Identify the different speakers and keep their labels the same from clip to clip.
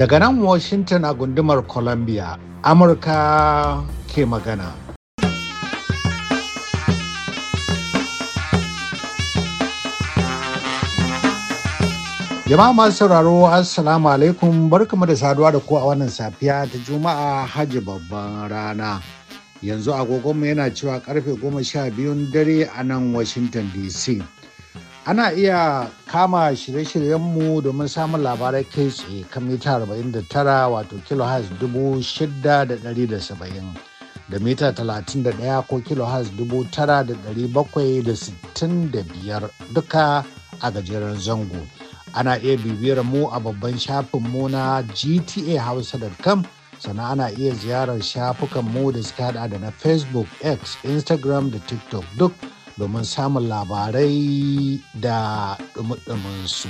Speaker 1: Daga nan Washington a gundumar Columbia, Amurka ke magana. Jama'a masu sauraro Assalamu alaikum barkamu da saduwa da ku a wannan safiya ta Juma'a Hajji babban rana. yanzu agogonmu yana cewa karfe goma sha biyun dare a nan washington dc ana iya kama shirye-shiryenmu domin samun labarai kai tsaye kan mita 49 wato kilohertz 6,770 da mita 31 ko kilohertz 9,765 duka a gajeren zango ana iya bibiyar mu a babban shafinmu na GTA hausa.com sannan ana iya ziyarar shafukan mu da suka hada da na facebook x instagram da tiktok duk domin samun labarai da su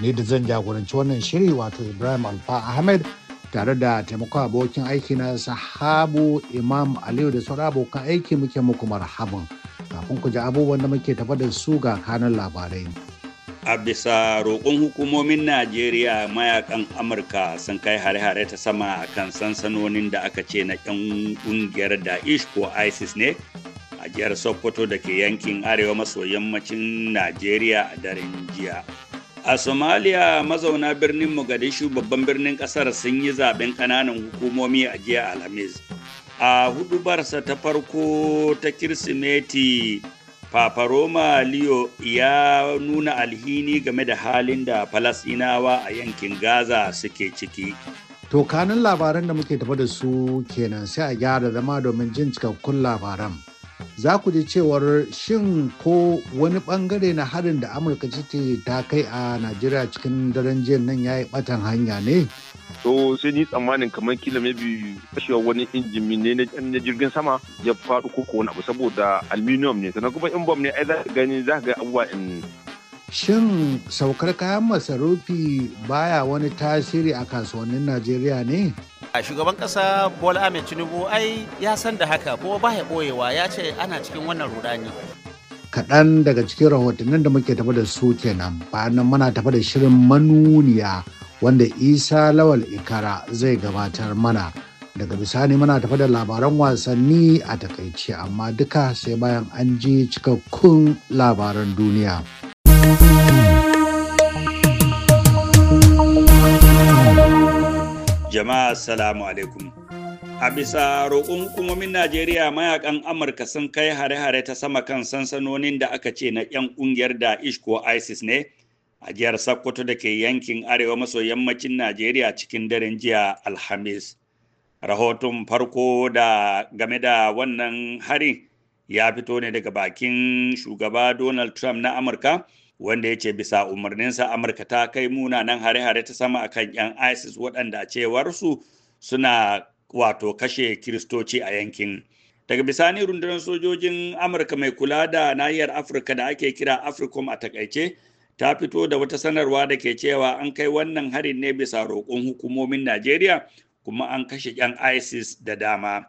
Speaker 1: Ni da zan jagoranci wannan shiri wato ibrahim alfa ahmed tare da taimako abokin aiki na sahabu imam aliyu da sauran abokan aiki muke muku marhaban kafin ku ji abubuwan da muke tafa da su ga kanan labarai
Speaker 2: a bisa roƙon hukumomin najeriya mayakan amurka sun kai hare-hare ta sama a kan sansanonin da aka ce na 'yan ƙungiyar daesh ko isis ne a jihar sokoto da ke yankin arewa maso yammacin najeriya a daren jiya a somalia mazauna birnin mogadishu babban birnin kasar sun yi zaben ƙananan hukumomi a jiya alhamis a hudubarsa ta farko ta kirsimeti Papa Roma Leo ya nuna alhini game da halin da Falasɗinawa a yankin Gaza suke ciki.
Speaker 1: To kanun labaran da muke tafa da su kenan sai a gyara zama domin jin cikakkun labaran. Za ku ji cewar shin ko wani bangare na harin da Amurka ce ta kai a Najeriya cikin daren jiya nan ya yi batan hanya ne?
Speaker 3: to sai ni tsammanin kamar kila maybe fashewa wani injin ne na jirgin sama ya faɗo ko wani abu saboda aluminium ne sannan kuma in bom ne ai za ka gani
Speaker 4: za ka ga abubuwa in
Speaker 1: Shin saukar kayan masarufi baya wani tasiri a kasuwannin Najeriya ne?
Speaker 4: A shugaban ƙasa Bola Ahmed Tinubu ai ya san da haka kuma baya ɓoyewa ya ce ana cikin wannan rudani.
Speaker 1: Kaɗan daga cikin rahotannin da muke tafa da su kenan bayan muna tafa da shirin manuniya wanda isa lawal ikara zai gabatar mana daga bisani muna tafi da labaran wasanni a takaice amma duka sai bayan an ji cikakkun labaran duniya
Speaker 2: jama'a salamu alaikum a bisa roƙon hukumomin najeriya mayakan amurka sun kai hare-hare ta sama kan sansanonin da aka ce na 'yan ƙungiyar da ko isis ne a jihar Sokoto da ke yankin arewa maso yammacin Najeriya cikin daren jiya Alhamis. Rahoton farko da game da wannan harin ya fito ne daga bakin shugaba Donald Trump na Amurka wanda ya ce bisa umarninsa Amurka ta kai munanan hare-hare ta sama akan 'yan ISIS waɗanda a cewarsu suna wato kashe kiristoci a yankin. daga bisani rundunar sojojin amurka mai kula da nahiyar afirka da ake kira africom a takaice ta fito da wata sanarwa da ke cewa an kai wannan harin ne bisa roƙon hukumomin Najeriya kuma an kashe 'yan ISIS da dama.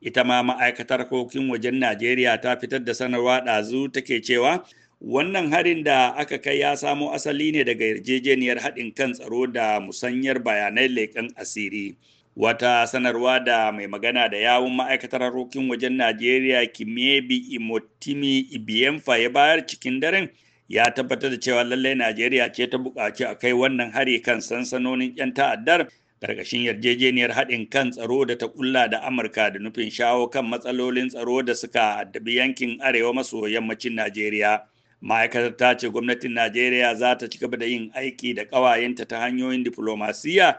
Speaker 2: Ita ma ma'aikatar harkokin wajen Najeriya ta fitar da sanarwa ɗazu ta ke cewa wannan harin da aka kai ya samo asali ne daga yarjejeniyar haɗin kan tsaro da musanyar bayanai leƙen asiri. Wata sanarwa da mai magana da yawun ma'aikatar harkokin wajen Najeriya Kimebi Imotimi Ibiyemfa ya bayar cikin daren ya tabbatar da cewa lallai Najeriya ce ta buƙaci a kai wannan hari kan sansanonin 'yan ta'addar ƙarƙashin yarjejeniyar haɗin kan tsaro da ta ƙulla da Amurka da nufin shawo kan matsalolin tsaro da suka addabi yankin arewa maso yammacin Najeriya. Ma'aikatar ta ce gwamnatin Najeriya za ta ci gaba da yin aiki da ƙawayenta ta hanyoyin diflomasiyya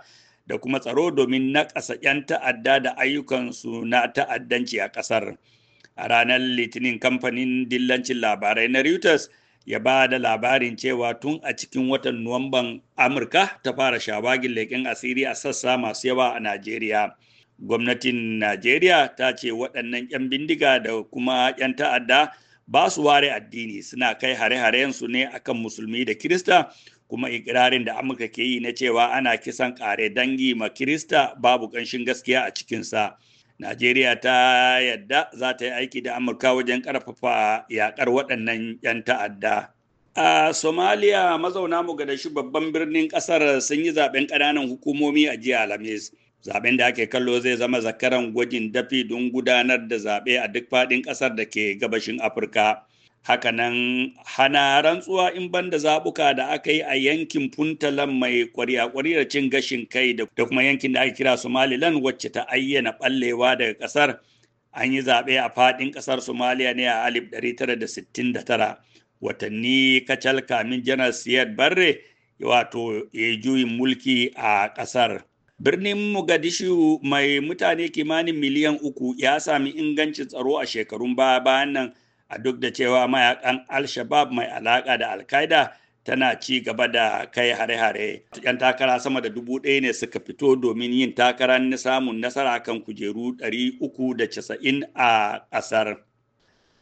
Speaker 2: da kuma tsaro domin naƙasa 'yan ta'adda da ayyukansu na ta'addanci a ƙasar. A ranar Litinin kamfanin dillancin labarai na Reuters ya ba da labarin cewa tun a cikin watan Nuwamban Amurka ta fara shawagin leƙen asiri a sassa masu yawa a Najeriya. Gwamnatin Najeriya ta ce waɗannan 'yan bindiga da kuma 'yan ta'adda ba su ware addini suna kai hare-harensu ne akan musulmi da Kirista kuma ikirarin da Amurka ke yi na cewa ana kisan ƙare dangi ma Kirista babu ƙanshin gaskiya a cikinsa. Najeriya ta yadda za ta yi aiki da Amurka wajen ƙarfafa yaƙar waɗannan 'yan ta'adda. A Somalia mazauna da mu shi babban birnin ƙasar sun yi zaɓen ƙananan hukumomi a jiya Alhamis. Zaɓen da ake kallo zai zama zakaran gwajin dafi don gudanar da zaɓe a duk faɗin ƙasar da ke gabashin Afirka. hakanan hana rantsuwa in banda zabuka da aka yi a yankin puntalan mai kwariya-kwariyar cin gashin kai da kuma yankin da aka kira somaliland wacce ta ayyana ballewa daga kasar an yi zaɓe a faɗin ƙasar somaliya ne a 1969 watanni kacal kamin janar siyar barre wato ya juyin mulki a ƙasar Birnin mugadishu mai mutane kimanin miliyan uku ya sami ingancin tsaro a shekarun baya bayan nan a duk da cewa mayakan al-shabab mai alaka da al tana ci gaba da kai hare-hare. Yan takara sama da dubu ɗaya ne suka fito domin yin takarar na samun nasara kan kujeru ɗari uku da casa'in a ƙasar.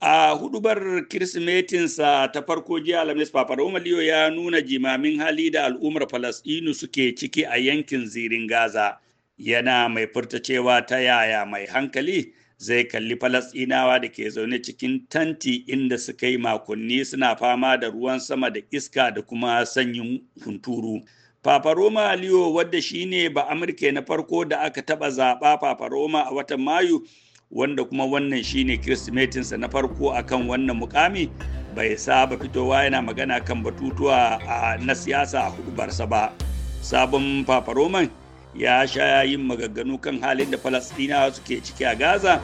Speaker 2: A hudubar Kirsimetinsa ta farko jiya Alhamis Papadomaliyo ya nuna jimamin hali da al'ummar Falasɗinu suke ciki a yankin zirin Gaza. Yana mai furta cewa ta yaya mai hankali zai kalli falasɗinawa da ke zaune cikin tanti inda suka yi makonni suna fama da ruwan sama da iska da kuma sanyin hunturu Fafaroma Aliyo wadda ne ba Amurka na farko da aka taɓa zaɓa Fafaroma a watan Mayu wanda kuma wannan shi ne Kirsimetinsa na farko akan wannan mukami bai saba fitowa yana magana kan batutuwa na siyasa a hudubarsa ba. Sabon Fafaroman ya sha yin magagganu kan halin da falasɗinawa suke ciki a gaza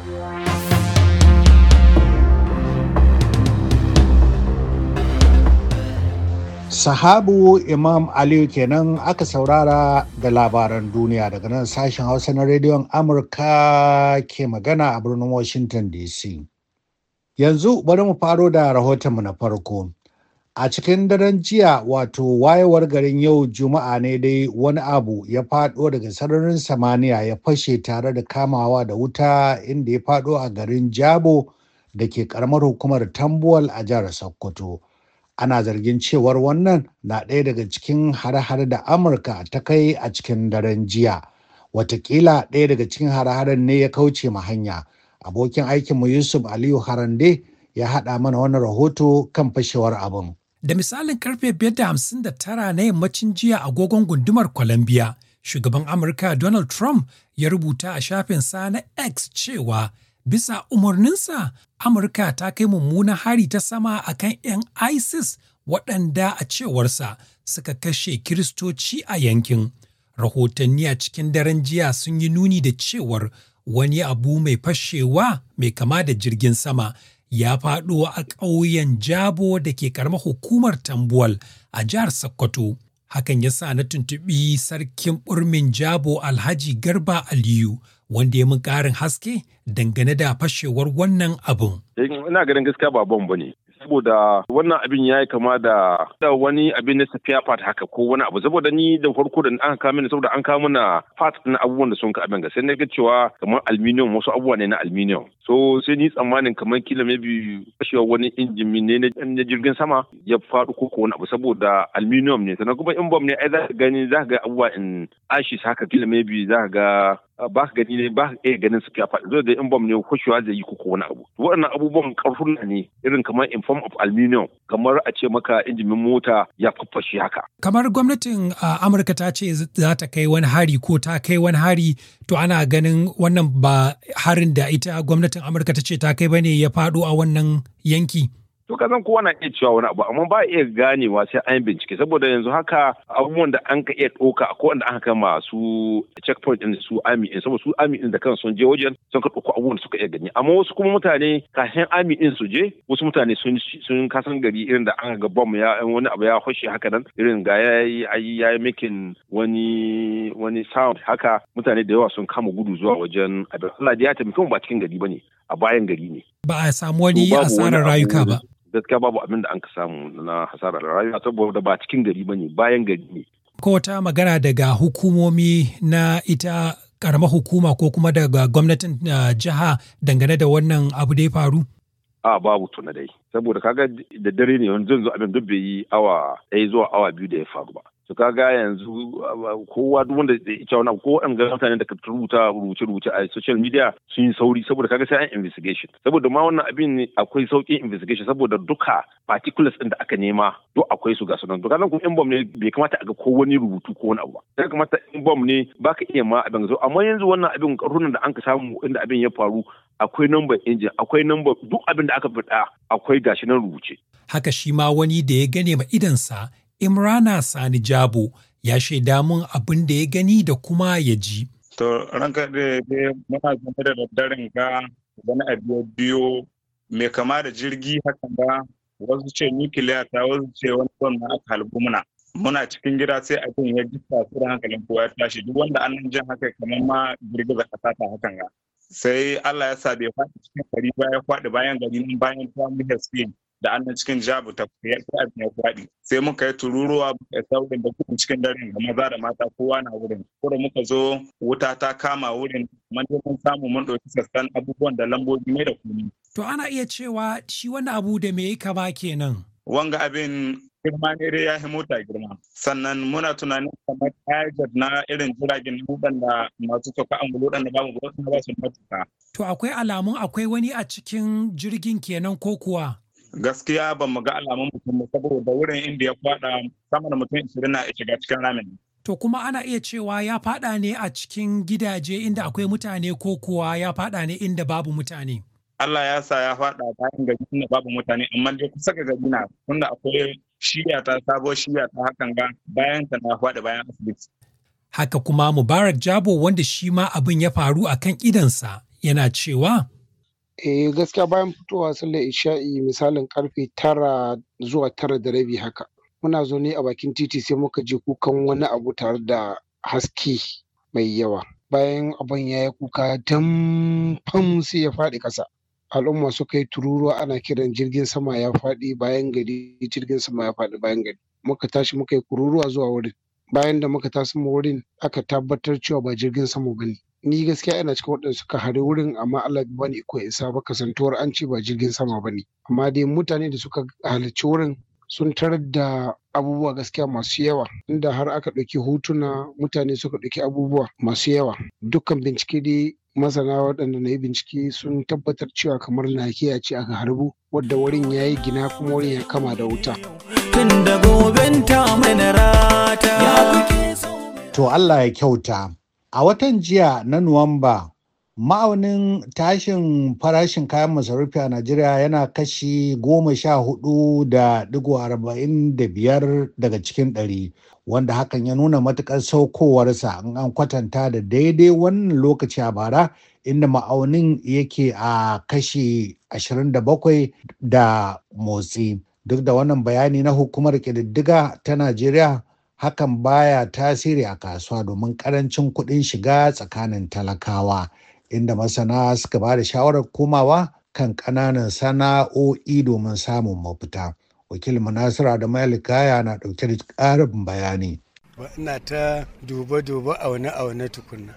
Speaker 1: sahabu imam aliyu kenan aka saurara da labaran duniya daga nan sashen hausa na rediyon amurka ke magana a birnin washington dc yanzu bari mu faro da rahotonmu na farko A cikin daren jiya wato wayewar garin yau Juma'a ne dai wani abu ya faɗo daga sararin samaniya ya fashe tare da kamawa da wuta inda ya faɗo a garin Jabo da ke karamar hukumar Tambuwal a jihar Sokoto. Ana zargin cewar wannan na ɗaya daga cikin har-har da Amurka ta kai a cikin daren jiya. Watakila ɗaya daga cikin har haren ne ya kauce ma hanya. Abokin aikinmu Yusuf Aliyu Harande ya haɗa mana wani rahoto kan fashewar
Speaker 5: abin. Da misalin karfe tara na yammacin jiya agogon gundumar colombia shugaban Amurka Donald Trump ya rubuta a shafinsa na X cewa bisa umarninsa Amurka ta kai mummunan hari ta sama a kan 'yan ISIS waɗanda a cewarsa suka kashe Kiristoci a yankin. Rahotanni a cikin daren jiya sun yi nuni da cewar wani abu mai fashewa mai kama da jirgin sama ya faɗo a ƙauyen Jabo da ke ƙaramar hukumar Tambuwal a jihar Sokoto. Hakan ya sa na tuntuɓi sarkin ɓurmin Jabo Alhaji Garba Aliyu wanda ya mun ƙarin haske dangane da fashewar wannan abin.
Speaker 3: Ina ganin gaskiya ba bom bane. saboda wannan abin ya yi kama da wani abin na safiya fat haka ko wani abu saboda ni da farko da an kama ni saboda an kama na fat na abubuwan da sun ka abin ga sai na ga cewa kamar aluminium wasu abubuwa ne na aluminium so sai ni tsammanin kamar kila bi kashewa wani injin ne na jirgin sama ya faɗo ko wani abu saboda aluminium ne sannan kuma in bom ne ai za ka gani za ka ga abubuwa in ashi haka kila bi za ka ga ah, ba ka gani ne ba ka iya ganin ke faɗi zai da in bom ne kashewa zai yi ko wani abu waɗannan abubuwan ƙarfuna ne irin kamar in form of aluminium kamar a ce maka injin mota ya faffashe haka
Speaker 5: kamar gwamnatin ah, amurka ta ce za ta kai wani hari ko ta kai wani hari to ana ganin wannan ba harin da ita gwamnatin amurka ta ce ta kai bane ya faɗo a wannan yanki
Speaker 3: to ka san kowa na iya cewa wani abu amma ba iya ganewa sai an bincike saboda yanzu haka abubuwan da an ka iya ɗauka ko wanda an kama su checkpoint din su ami din saboda su ami din da kan sun je wajen sun ka ɗauko abubuwan da suka iya gani amma wasu kuma mutane kafin ami din su je wasu mutane sun sun kasan gari irin da an ga bom ya wani abu ya hoshe haka nan irin ga yayi yayi making wani wani sound haka mutane da yawa sun kama gudu zuwa wajen abin Allah da ya taimaka mu ba cikin gari bane a bayan gari ne
Speaker 5: ba a samu wani asarar rayuka ba
Speaker 3: gaskiya babu abin da an ka samu na hasarar rayuwa saboda ba cikin gari bane bayan gari ne
Speaker 5: ko ta magana daga hukumomi na ita karamar hukuma ko kuma daga gwamnatin uh, jiha dangane da wannan abu da ya faru
Speaker 3: a babu tuna dai saboda kaga da dare ne yanzu abin duk bai yi awa ɗaya zuwa awa biyu da ya faru ba to kaga yanzu kowa duk wanda ya ci wani ko an ga mutane da ka rubuta rubuce rubuce a social media sun yi sauri saboda kaga sai an investigation saboda ma wannan abin ne akwai sauƙin investigation saboda duka particulars din da aka nema duk akwai su ga sunan duka nan kuma in ne bai kamata a ga ko wani rubutu ko wani abu ba ya kamata in bom ne baka iya ma abin zo amma yanzu wannan abin runan da an ka samu inda abin ya faru akwai number engine akwai number duk abin da aka fada akwai gashi nan rubuce
Speaker 5: haka shi ma wani da ya gane ma idansa Imrana Sani Jabo ya shaida mun abin da ya gani da kuma ya ji.
Speaker 6: To ranka da muna zama da daddaren ga wani abu biyo mai kama da jirgi hakan ba wasu ce nukiliya ta wasu ce wani ban na aka halbu muna. Muna cikin gida sai abin ya gista su da hankalin kowa ya tashi duk wanda an jan haka kamar ma girgiza kasa ta hakan ga. Sai Allah ya sa bai faɗi cikin gari ba ya faɗi bayan gari bayan ta mu da annan cikin jabu ta ya abin ya faɗi sai muka yi tururuwa muka saurin da kuma cikin dare da maza da mata kowa na wurin kuma muka zo wuta ta kama wurin mun mun samu mun ɗauki sassan abubuwan da lambobi mai da kuma.
Speaker 5: to ana iya cewa shi wani abu da me ka ba kenan. wanga
Speaker 6: abin girma ne dai ya mota girma sannan muna tunanin kamar tiger na irin jiragen da masu sauka an gudu waɗanda babu wasu na ba su matuka.
Speaker 5: to akwai alamun akwai wani a cikin jirgin kenan ko kuwa.
Speaker 6: gaskiya ba mu ga alamun mutum ba saboda wurin inda ya fada sama da mutum 20 na shiga cikin ramin
Speaker 5: to kuma ana iya cewa ya fada ne a cikin gidaje inda akwai mutane ko kuwa ya fada ne inda babu mutane
Speaker 6: Allah ya sa ya fada bayan gari inda babu mutane amma dai kusa ga gaji na tunda akwai shiya ta sabo shiya ta hakan ga bayan ta na fada bayan asibiti
Speaker 5: haka kuma Mubarak Jabo wanda shi ma abin ya faru akan idansa yana cewa
Speaker 7: Eh gaskiya bayan fitowa sallar isha'i misalin karfe tara zuwa tara da rabi haka. Muna zaune a bakin titi sai muka je kukan wani abu tare da haske mai yawa. Bayan abun ya yi kuka dan fam sai ya faɗi ƙasa. Al'umma suka yi tururuwa ana kiran jirgin sama ya faɗi bayan gari, jirgin sama ya faɗi bayan gari. Muka tashi muka yi kururuwa zuwa wurin. Bayan da muka taso wurin aka tabbatar cewa ba jirgin sama ba ni gaskiya ina cikin waɗanda suka hari wurin amma Allah ba ne ko isa ba kasantuwar an ce ba jirgin sama ba ne amma dai mutane da suka halarci wurin sun tarar da abubuwa gaskiya masu yawa inda har aka ɗauki hutuna mutane suka ɗauki abubuwa masu yawa dukkan bincike dai masana waɗanda na yi bincike sun tabbatar cewa kamar nakiya ce aka harbu wadda wurin ya yi gina kuma wurin ya kama da wuta to Allah
Speaker 1: ya kyauta A watan jiya na Nuwamba, ma'aunin tashin farashin kayan masarufi a Najeriya yana kashi goma sha hudu da digo arba'in da biyar daga cikin ɗari, wanda hakan ya nuna matuƙar saukowarsa in an kwatanta da daidai wannan lokaci a bara inda ma'aunin yake a kashi ashirin da bakwai da motsi. Duk da wannan bayani na hukumar ƙididdiga ta Najeriya hakan baya tasiri a kasuwa domin karancin kuɗin shiga tsakanin talakawa inda masana suka ba da shawarar komawa kan ƙananan sana'o'i domin samun mafita wakilin munasira da malikaya na ɗauke da ƙarin bayani
Speaker 7: ina ta duba-duba aune-aune tukunna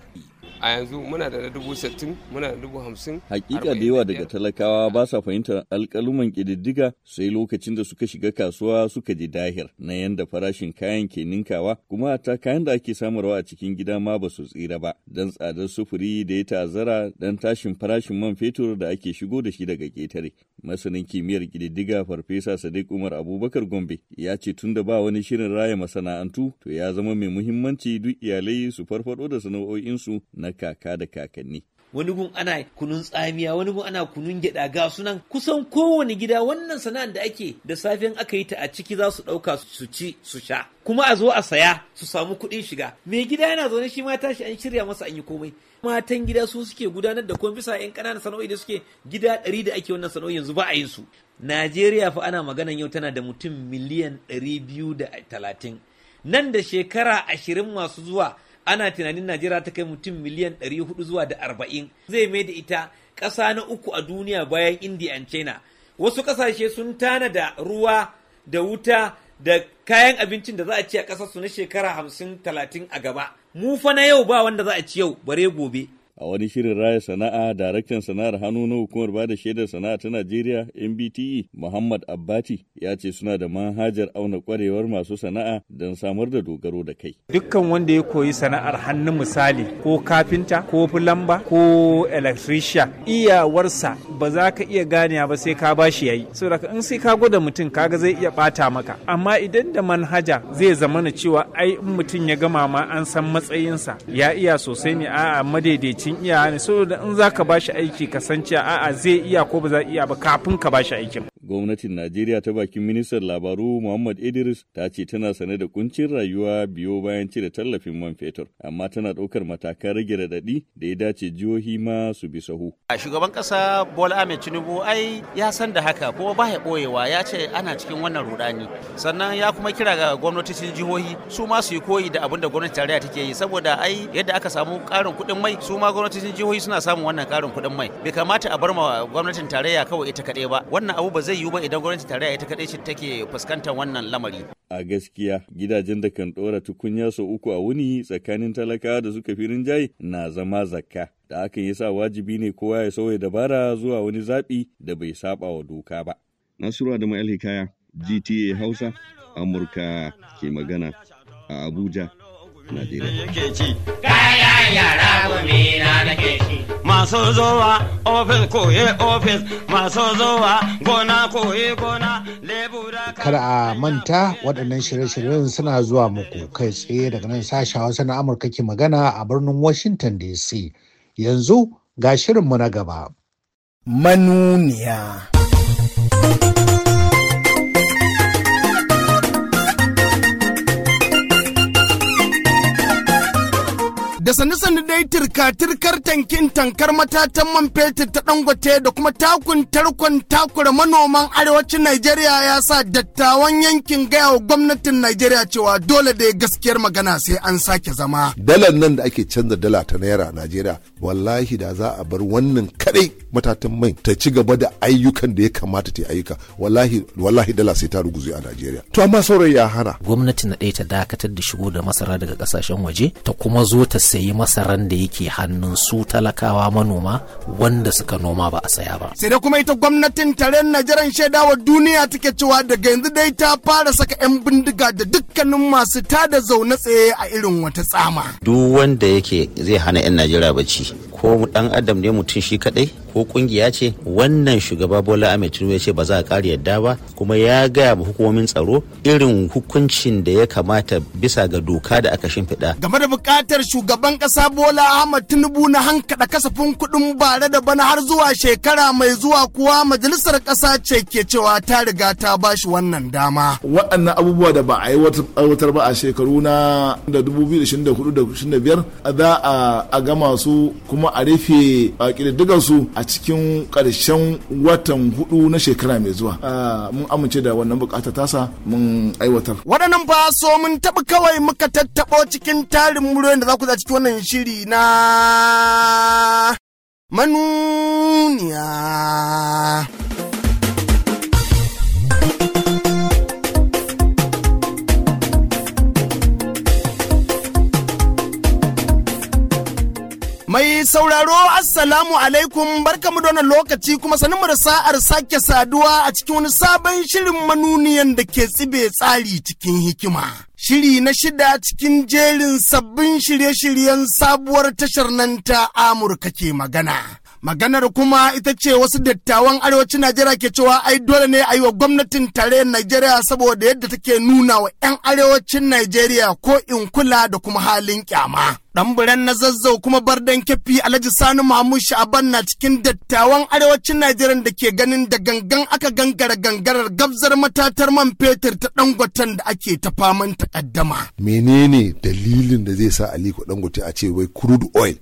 Speaker 7: a
Speaker 8: yanzu muna da dubu sittin muna da dubu hamsin.
Speaker 9: Hakika da yawa daga talakawa ba sa fahimtar alkaluman ƙididdiga sai lokacin da suka shiga kasuwa suka ji dahir na yanda farashin kayan ke ninkawa kuma ta kayan da ake samarwa a cikin gida ma ba su tsira ba don tsadar sufuri da ya ta'azzara don tashin farashin man fetur da ake shigo da shi daga ƙetare. Masanin kimiyyar ƙididdiga Farfesa Sadiq Umar Abubakar Gombe ya ce tun da ba wani shirin raya masana'antu to ya zama mai muhimmanci duk iyalai su farfado da sana'o'insu na kaka da kakanni.
Speaker 4: wani gun ana kunun tsamiya wani gun ana kunun gyaɗa ga sunan kusan kowane gida wannan sana'ar da ake da safiyan aka yi ta a ciki za su ɗauka su ci su sha kuma a zo a saya su samu kuɗin shiga Me gida yana zaune shi mata shi an shirya masa an yi komai matan gida su suke gudanar da kuma bisa yan ƙananan sana'o'i da suke gida ɗari da ake wannan sana'o'i yanzu ba a yin su Najeriya fa ana maganan yau tana da mutum miliyan ɗari biyu da talatin nan da shekara ashirin masu zuwa ana tunanin najeriya ta kai mutum miliyan 400 zuwa da 40 zai mai da ita ƙasa na uku a duniya bayan india and china wasu ƙasashe sun tana da ruwa da wuta da kayan abincin da za a ci a ƙasarsu na shekara hamsin talatin a gaba mu fa na yau ba wanda za a
Speaker 9: ci yau bare gobe a wani shirin raya sana'a daraktan sana'ar hannu na hukumar ba da shaidar sana'a ta najeriya mbte muhammad abbati ya ce suna da manhajar auna kwarewar masu sana'a don samar da dogaro da kai dukkan wanda ya koyi sana'ar
Speaker 6: hannu misali ko kafinta ko fulamba ko electrician iyawarsa ba za ka iya gane ba sai ka bashi yayi so in sai ka gwada mutum kaga zai iya bata maka amma idan da manhaja zai zamana cewa ai in mutum ya gama ma an san matsayinsa ya iya sosai ne a'a madaidaici mutum iya ne saboda in za ka bashi aiki ka san cewa a'a zai iya ko ba za iya ba kafin ka bashi aikin
Speaker 9: Gwamnatin Najeriya ta bakin ministan labaru Muhammad Idris ta ce tana sane da kuncin rayuwa biyo bayan cire tallafin man fetur, amma tana ɗaukar matakan rage raɗaɗi da ya dace jihohi ma su bi sahu.
Speaker 4: A shugaban ƙasa Bola Ahmed Tinubu ai ya san da haka kuma ba ya ɓoyewa ya ce ana cikin wannan rudani. Sannan ya kuma kira ga gwamnatocin jihohi su ma su yi koyi da abin da gwamnatin tarayya take yi saboda ai yadda aka samu ƙarin kuɗin mai su ma gwamnatocin jihohi suna samun wannan ƙarin kuɗin mai. Bai kamata a bar ma gwamnatin tarayya kawai ita kaɗai ba. Wannan abu ba zai zai yiwu ba idan gwamnati tarayya ita kadai ce take fuskantar wannan lamari.
Speaker 9: A gaskiya gidajen da kan ɗora tukunya sau uku a wuni tsakanin talakawa da suka fi rinjaye na zama zakka. Da hakan sa wajibi ne kowa ya sauya dabara zuwa wani zaɓi da bai saba wa doka ba. Nasiru Adamu Alhikaya, GTA Hausa, Amurka ke magana a Abuja. Masu zowa ofis
Speaker 4: koye ofis masu zowa gona koye gona lebura Kada a
Speaker 1: manta waɗannan shirye-shiryen suna zuwa muku kai tsaye daga nan sashen Hausa na Amurka ke magana a birnin Washington DC. Yanzu ga shirinmu na gaba.
Speaker 10: Manuniya. da sannu-sannu dai turka-turkar tankin tankar matatan man fetur ta dangote da kuma takun tarkon takura manoman arewacin Najeriya ya sa dattawan yankin gaya wa gwamnatin Najeriya cewa dole da gaskiyar magana sai an sake zama.
Speaker 11: Dalar nan da ake canza dala ta naira a Najeriya wallahi da za a bar wannan kadai matatan mai ta ci gaba da ayyukan da ya kamata ta ayyuka wallahi wallahi dala sai ta ruguzu a Najeriya.
Speaker 12: To amma saurayi ya hana. Gwamnati na ɗaya ta dakatar da shigo da masara daga ƙasashen waje ta kuma zo ta sayi yi masaran da yake hannun su talakawa manoma wanda suka noma ba a saya ba.
Speaker 10: Sai da kuma ita gwamnatin taren Najeriya wa duniya take cewa daga yanzu dai ta fara saka 'yan bindiga da dukkanin masu tada zaune tsaye a irin wata tsama.
Speaker 12: Duk
Speaker 4: wanda yake zai hana 'yan Najeriya bacci ko dan adam ne mutum shi kadai ko kungiya ce wannan shugaba bola ahmed tinubu ya ce ba za a kare yadda ba kuma ya gaya ma hukumomin tsaro irin hukuncin da ya kamata bisa ga doka da aka shimfiɗa
Speaker 10: game da buƙatar shugaban ƙasa bola ahmed tinubu na hankada kasafin kuɗin bare da bana har zuwa shekara mai zuwa kuwa majalisar ƙasa ce ke cewa ta riga ta ba shi wannan dama
Speaker 13: waɗannan abubuwa da ba a yi aiwatar ba a shekaru na da 2024 da 2025 za a gama su kuma a rufe ƙididdigar su a cikin ƙarshen watan hudu na shekara mai zuwa mun amince da wannan bukata tasa mun aiwatar
Speaker 10: waɗannan ba so mun taɓa kawai muka tattaɓo cikin tarin muryoyin da za ku za cikin wannan shiri na manuniya Mai sauraro Assalamu alaikum barka da wannan lokaci kuma sanin mu da sa'ar sake saduwa a cikin wani sabon shirin manuniyan da ke tsibe tsari cikin hikima. Shiri na shida cikin jerin sabbin shirye-shiryen sabuwar tashar nan ta Amurka ke magana. Maganar kuma ita ce wasu dattawan arewacin Najeriya ke cewa ai dole ne a yi wa gwamnatin tarayyar Najeriya saboda yadda take nuna wa 'yan arewacin Najeriya ko in kula da kuma halin kyama. Ɗanburen na zazzau kuma bardan kafi Alhaji Sani Mahmud Sha'aban na cikin dattawan arewacin Najeriya da ke ganin da gangan aka gangara gangarar gabzar matatar man fetur ta dangoten da ake ta faman takaddama.
Speaker 11: Menene dalilin da zai sa Aliko Dangote a ce wai crude oil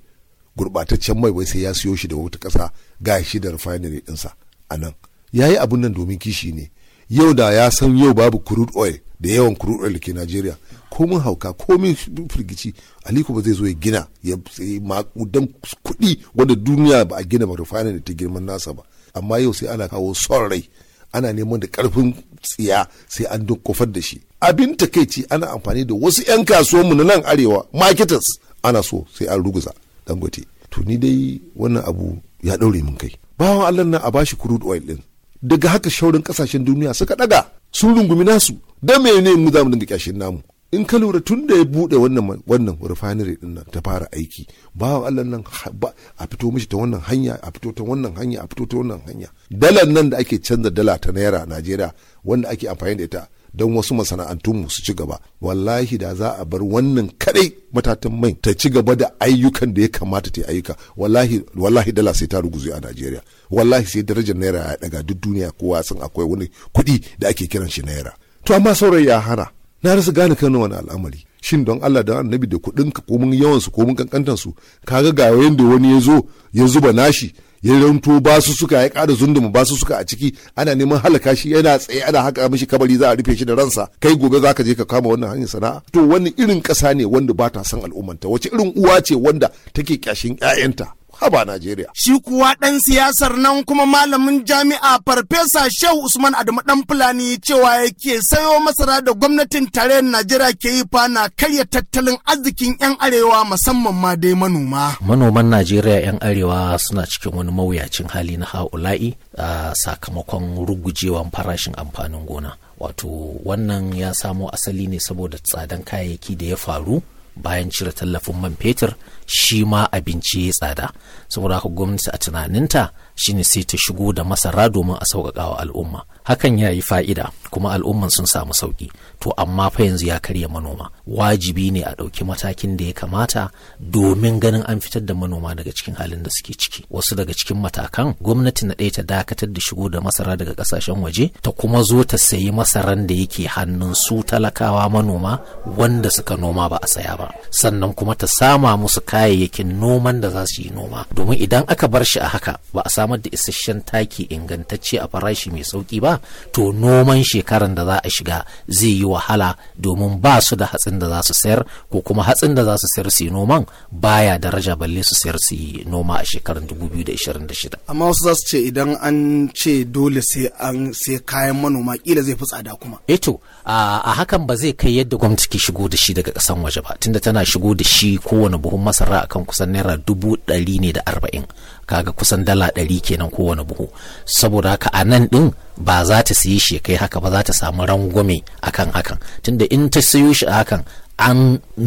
Speaker 11: gurbataccen mai wai sai ya siyo shi da wata ƙasa ga shi da refinery ɗinsa a nan ya yi abin nan domin kishi ne yau da ya san yau babu crude oil da yawan crude oil ke Najeriya mun hauka ko mun firgici Aliko ba zai zo ya gina ya makudan kuɗi wanda duniya ba a gina ba refinery ta girman nasa ba amma yau sai ana kawo son rai ana neman da karfin tsiya sai an dukkufar da shi abin takaici ana amfani da wasu 'yan kasuwanmu na nan arewa marketers ana so sai an ruguza dangote to ni dai wannan abu ya ɗaure min kai bawan allah na a bashi crude oil din daga haka shaurin kasashen duniya suka ɗaga sun rungumi nasu da ne mu zamu mu dinga kyashin namu in ka lura tun da ya buɗe wannan wannan refinery din nan ta fara aiki bawan Allah nan a fito mishi ta wannan hanya a fito ta wannan hanya a fito ta wannan hanya dalar nan da ake canza dala ta naira a Najeriya wanda ake amfani da ita don wasu masana'antunmu su ci gaba wallahi da za a bar wannan kadai matatan mai ta ci gaba da ayyukan da ya kamata ta yi ayyuka wallahi wallahi dala sai ta ruguzu a Najeriya wallahi sai darajar naira ya daga duk duniya kowa san akwai wani kuɗi da ake kiran shi naira to amma saurayi ya hana na rasa gane kan wani al'amari shin don Allah da annabi da kuɗinka ko mun yawan su ko mun kankantan su kaga ga yanda wani ya zo ya zuba nashi ya ranto basu suka ya ƙara zunduma basu suka a ciki ana neman halaka shi yana tsaye ana haka mishi kabari za a rufe shi da ransa kai gobe za ka je ka kama wannan hanyar sana'a to wani irin ƙasa ne wanda ba ta son al'ummanta wace irin uwa ce wanda take kyashin 'ya'yanta haba Najeriya. Shi
Speaker 10: kuwa ɗan siyasar nan kuma malamin jami'a Farfesa Shehu Usman Adamu ɗan Fulani cewa yake sayo masara da gwamnatin tarayyar Najeriya ke yi fa na karya tattalin arzikin 'yan arewa musamman ma dai manoma.
Speaker 12: Manoman Najeriya 'yan arewa suna cikin wani mawuyacin hali na ha'ula'i a sakamakon rugujewan farashin amfanin gona. Wato wannan ya samo asali ne saboda tsadan kayayyaki da ya faru bayan cire tallafin man fetur shi ma abinci ya tsada saboda haka gwamnati a tunaninta shine sai ta shigo da masara domin a sauƙaƙa wa al'umma hakan ya yi fa'ida kuma al'umman sun samu sauƙi to amma fa yanzu ya karya manoma wajibi ne a ɗauki matakin da ya kamata domin ganin an fitar da manoma daga cikin halin da suke ciki wasu daga cikin matakan gwamnati na ɗaya ta dakatar da shigo da masara daga ƙasashen waje ta kuma zo ta sayi masaran da yake hannun su talakawa manoma wanda suka noma ba a saya ba sannan kuma ta sama musu kayayyakin noman da za su yi noma domin idan aka bar shi a haka ba a samar da isasshen taki ingantacce a farashi mai sauƙi ba to noman shekaran da za a shiga zai yi wahala domin ba su da hatsin da za su sayar ko kuma hatsin da za su sayar su yi noman baya daraja balle su sayar su yi noma a shekaran 2026
Speaker 10: amma wasu za su ce idan an ce dole sai an sai kayan manoma kila zai fi tsada kuma
Speaker 12: eh a hakan ba zai kai yadda gwamnati ke shigo da shi daga kasan waje ba tunda tana shigo da shi kowane buhun masara akan kusan naira dubu ɗari ne da arba'in kaga kusan dala ɗari kenan kowane buhu saboda haka a nan ɗin ba za ta siye shi kai haka ba za ta samu rangwame akan hakan tunda in ta sayo shi a hakan an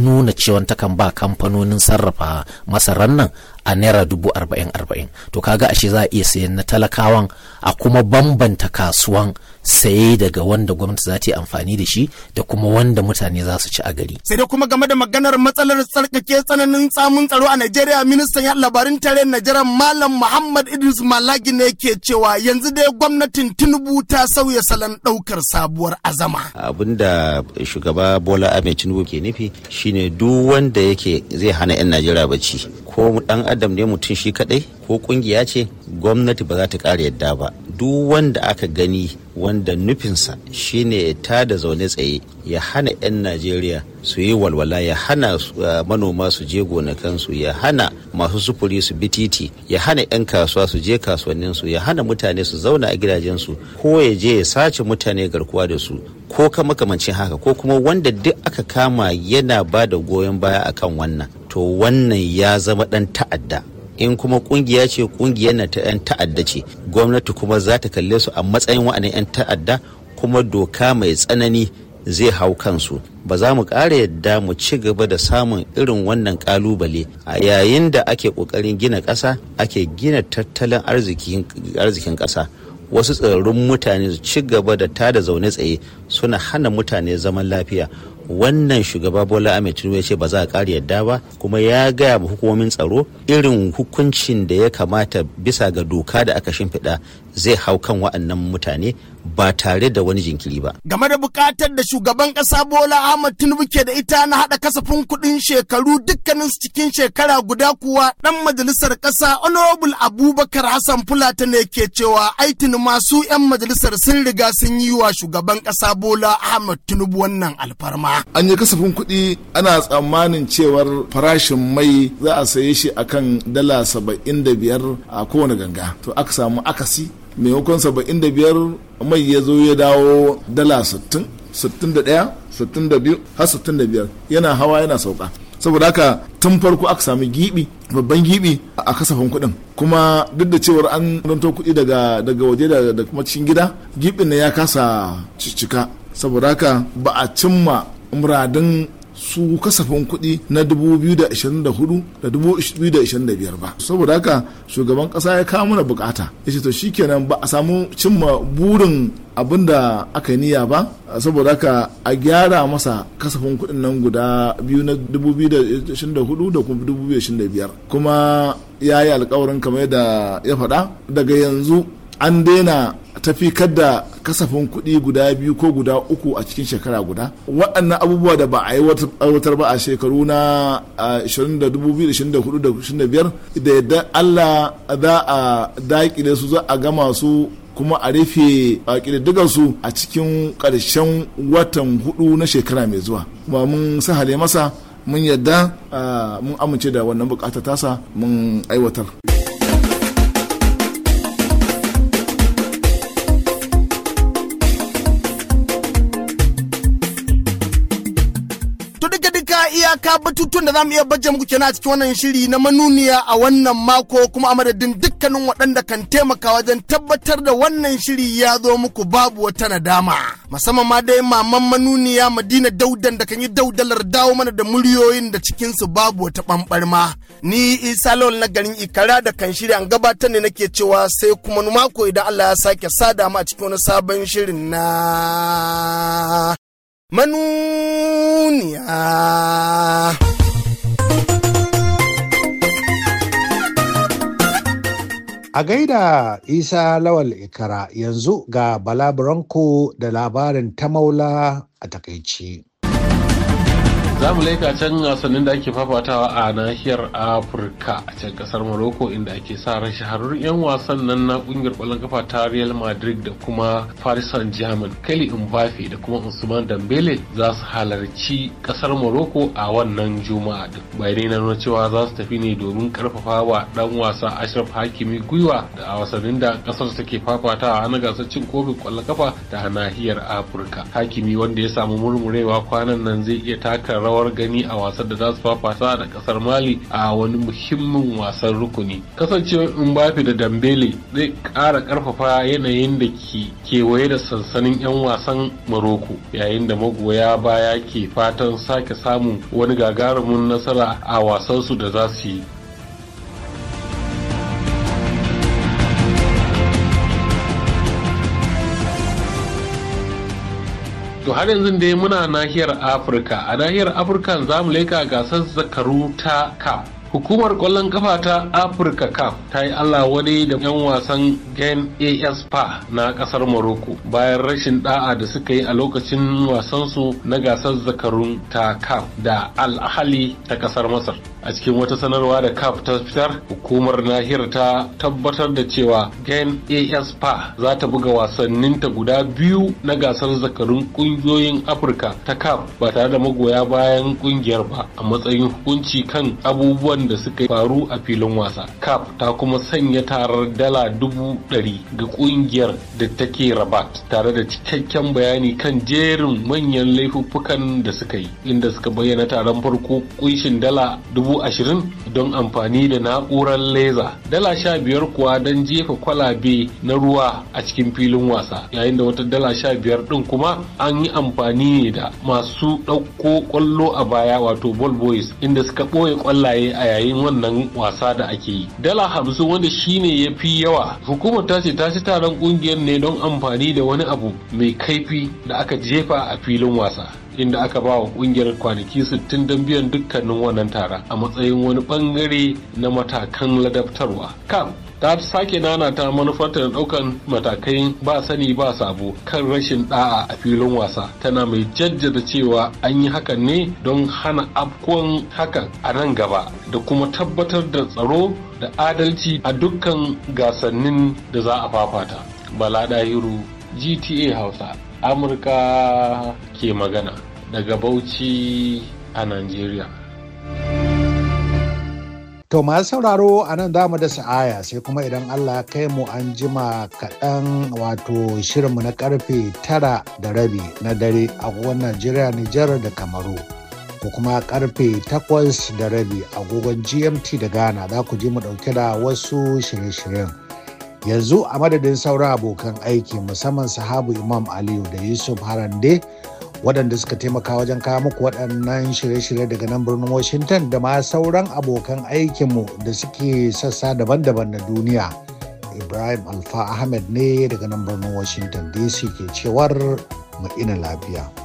Speaker 12: nuna cewa takan ba kamfanonin sarrafa masarar nan a naira dubu arba'in arba'in to kaga ashe za a iya sayan na talakawan a kuma bambanta kasuwan saye daga wanda gwamnati za ta yi amfani da shi da kuma wanda mutane za su ci a gari.
Speaker 10: sai dai kuma game da maganar matsalar tsarkake tsananin samun tsaro a najeriya ministan yan labarin tare najeriya malam muhammad idris malagi ne ke cewa yanzu dai gwamnatin tinubu ta sauya salon ɗaukar sabuwar azama.
Speaker 4: abin da shugaba bola ahmed tinubu ke nufi shine duk wanda yake zai hana yan najeriya bacci ko dan adam ne mutum shi kadai ko kungiya ce gwamnati ba za ta kara yadda ba duk wanda aka gani wanda nufinsa shine ya da zaune tsaye ya hana 'yan najeriya su yi walwala ya hana eh, manoma su je gonakansu ya hana masu sufuri su bi titi ya hana 'yan kasuwa su je kasuwanninsu ya hana mutane su zauna a gidajensu ko ya je ya sace mutane garkuwa da su ko ka kamancin haka ko kuma wanda duk aka kama yana ba da goyon baya akan wannan to wannan ya zama ɗan ta'adda in kuma kungiya ce kungiya na ta 'yan ta'adda ce gwamnati kuma za ta kalle su a matsayin wa'annan 'yan ta'adda kuma doka mai tsanani zai hau kansu ba za mu ƙara yadda mu ci gaba da samun irin wannan ƙalubale a yayin da ake ƙoƙarin gina ƙasa ake gina tattalin arzikin ƙasa wasu tsirrun mutane su ci gaba da tada zaune tsaye suna hana mutane zaman lafiya wannan shugaba bola ahmed tinubu ya ce ba za a ƙara yadda ba kuma ya gaya ma hukumomin tsaro irin hukuncin da ya kamata bisa ga doka da aka shimfiɗa zai hau kan wa'annan mutane ba tare da wani jinkiri ba.
Speaker 10: Game da bukatar da shugaban kasa Bola Ahmad Tinubu ke da ita na haɗa kasafin kuɗin shekaru dukkanin su cikin shekara guda kuwa ɗan majalisar ƙasa Honorable Abubakar Hassan Fulata ne ke cewa aitin masu 'yan majalisar sun riga sun yi wa shugaban ƙasa Bola Ahmad Tinubu wannan alfarma.
Speaker 13: An yi kasafin kuɗi ana tsammanin cewar farashin mai za a saye shi akan dala saba'in da biyar a kowane ganga. To aka samu akasi maimakon 75 mai ya zo ya dawo dala 60 61 62 har 65 yana hawa yana sauka saboda haka tun farko aka sami gibi babban gibi a kasafin kuɗin kuma duk da cewar an ranto kuɗi daga daga waje da kuma cikin gida gibin na ya kasa cika saboda haka ba a cimma muradin su kasafin kuɗi na 2024 da 2025 ba saboda haka shugaban ƙasa ya kawo mana bukata ya ce to shikenan ba a samu cimma burin abin da aka yi niyya ba saboda haka a gyara masa kasafin kuɗin nan guda biyu na 2024 da kuma 2025 kuma ya yi alkawarin kamar yadda ya faɗa daga yanzu an daina tafikar da kasafin kuɗi guda biyu ko guda uku a cikin shekara guda waɗannan abubuwa da ba a yi aiwatar ba a shekaru na 2024 da yadda allah za a daƙile su za a gama su kuma a rufe ƙididdigarsu a cikin ƙarshen watan hudu na shekara mai zuwa kuma mun sahale masa mun yadda mun amince da wannan bukatar tasa mun aiwatar.
Speaker 10: iyaka batutuwan da za mu iya baje muku kenan a cikin wannan shiri na manuniya a wannan mako kuma a madadin dukkanin waɗanda kan taimaka wajen tabbatar da wannan shiri ya zo muku babu wata nadama. Musamman ma dai maman manuniya Madina Daudan da kan yi daudalar dawo mana da muryoyin da cikinsu babu wata ɓamɓarma. Ni Isa Lawal na garin Ikara da kan shiri an gabatar ne nake cewa sai kuma mako idan Allah ya sake sada mu a cikin wani sabon shirin na manuniya. A gaida
Speaker 1: Isa Lawal Ikara yanzu ga Bala da labarin ta maula
Speaker 8: a takaici. za mu laika can wasannin da ake fafatawa a nahiyar afirka a can kasar morocco inda ake sa ran shahararrun 'yan wasan nan na kungiyar kwallon kafa ta real madrid da kuma paris saint germain kelly mbappe da kuma usman dambele za su halarci kasar morocco a wannan juma'a duk bayanai na nuna cewa za su tafi ne domin karfafa wa dan wasa ashraf hakimi gwiwa da a wasannin da kasar take fafatawa na gasar cin kofin kwallon kafa ta nahiyar afirka hakimi wanda ya samu murmurewa kwanan nan zai iya taka rawa rawar gani a wasan da za su fafasa da kasar mali a wani muhimmin wasan rukuni kasancewar mbappe da dambele zai kara karfafa yanayin da ke kewaye da sansanin 'yan wasan maroko yayin da magoya baya ke fatan sake samun wani gagarumin nasara a wasansu da za su yi har yanzu dai muna nahiyar Afirka. A nahiyar Afirka za mu leka gasar zakaru ta CAF. Hukumar kwallon kafa ta Afirka CAF ta yi Allah wani da 'yan wasan Gen ASPA na kasar Morocco bayan rashin da'a da suka yi a lokacin wasansu na gasar zakarun ta CAF da alhali ta kasar Masar. a cikin wata sanarwa da caf ta fitar hukumar nahiyar ta tabbatar da cewa gen aspa za ta buga wasanninta guda biyu na gasar zakarun kungiyoyin afirka ta caf ba tare da magoya bayan kungiyar ba a matsayin hukunci kan abubuwan da suka faru a filin wasa caf ta kuma sanya tarar dala dubu ɗari ga kungiyar da take rabat tare da cikakken bayani kan jerin manyan laifuffukan da suka yi inda suka bayyana taron farko kunshin dala dubu don amfani da na'urar leza dala sha biyar kuwa don jefa kwalabe na ruwa a cikin filin wasa yayin da wata dala sha biyar din kuma an yi amfani ne da masu ɗauko ƙwallo a baya wato ball boys inda suka ɓoye kwallaye a yayin wannan wasa da ake yi dala hamsin wanda shine ya fi yawa hukumar ta ce ta ci taron ƙungiyar ne don amfani da wani abu mai kaifi da aka jefa a filin wasa inda aka ba wa kungiyar kwanaki 60 don biyan dukkanin wannan tara a matsayin wani bangare na matakan ladabtarwa kam ta sake nanata manufarta da daukan matakai ba sani ba sabo kan rashin da'a a filin wasa tana mai jaddada cewa an yi hakan ne don hana abkon hakan a nan gaba da kuma tabbatar da tsaro da adalci a dukkan gasannin da za a fafata bala dahiru gta hausa amurka ke magana daga Bauchi a Najeriya.
Speaker 1: To masu sauraro a nan damu da sa'aya sai kuma idan Allah kai mu an jima kaɗan wato shirinmu na karfe tara da rabi na dare a kogon Najeriya, Nijar da Kamaru. Ko kuma karfe takwas da rabi a agogon GMT da Ghana za ku ji mu ɗauke da wasu shirye-shiryen. yanzu a madadin sauran abokan aiki musamman sahabu imam aliyu da yusuf harande waɗanda suka taimaka wajen kawo muku waɗannan shirye-shirye daga nan birnin Washington da ma sauran abokan aikinmu da suke sassa daban-daban na duniya. Ibrahim Alfa Ahmed ne daga nan birnin Washington DC ke cewar mu ina lafiya.